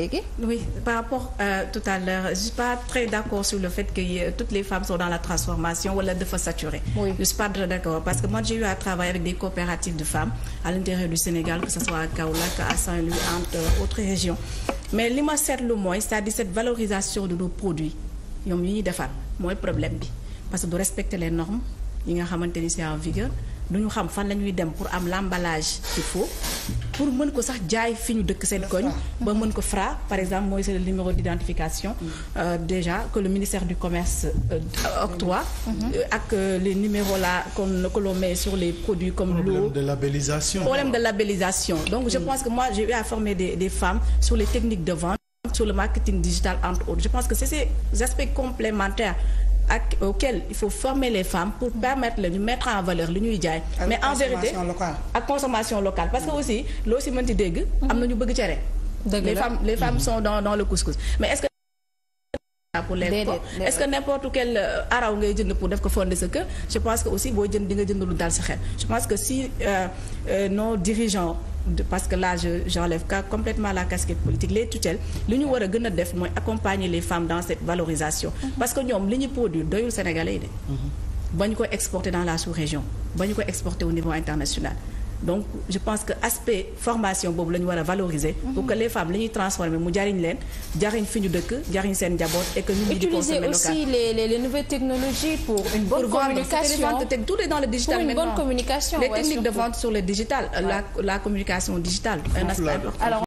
léegi. oui par rapport euh, tout à l'heure je pas très d'accord sur le fait que euh, toutes les femmes sont dans la transformation wala dafa saturé. oui pas très d'accord parce que moi j'ai eu à avec des coopératives de femmes à l'intérieur du Sénégal que ce soit à Kaolack à Saint-Louis entre autres régions mais li ma seetlu mooy c'est-à-dire valorisation de nos produits ñoom yi ñuy defar mooy problème bi parce que du respecter les yi nga xamante ni c'est en vigueur du ñu xam fan la ñuy dem pour am l'emballage qu'il faut. pour mën ko sax jaay fi ñu dëkk seen koñ ba mën ko Fra par exemple mooy c'est le numéro d'identification euh, déjà que le ministère du commerce euh, octroie mm-hmm. ak euh, les numéros là qu'on que l'on met sur les produits comme l'eau problème de labellisation donc je pense que moi j'ai eu à former des des femmes sur les techniques de vente sur le marketing digital entre autres je pense que c'est ces aspects complémentaires ak auquel il faut former les femmes pour permettre leen ñu mettre en valeur lu ñuy jaay. mais en vérité ak consommation locale. parce que aussi loo si mënti dégg. am na ñu bëgg cere. dëgg les femmes les femmes mhm. sont dans dans le couscous mais est que. pour les ko est-ce que n'importe quel euh, araw ngay jënd pour def ko fonder sa kër je pense que aussi boo jënd di nga jënd lu dal sa xel je pense que si euh, euh, nos dirigeants. de parce que là je j'enlève complètement la casquette politique les tutelles li ñu war a gën a def mooy accompagner les femmes dans cette valorisation mm-hmm. parce que ñoom li ñu produire doyul sénégalais yi de mm-hmm. bañ ko exporter dans la sous-région bañ ko exporter au niveau international donc je pense que aspect formation boobu lañu ñu war a valoriser. pour que les femmes la ñuy transformer mu jariñ leen jariñ fi ñu dëkk jariñ seen njaboot et que ñu. di consommer local utiliser aussi les, nouvelles technologies pour. une bonne communication pour vendre tout est dans les techniques de vente sur le digital. la la communication digitale. un aspect important.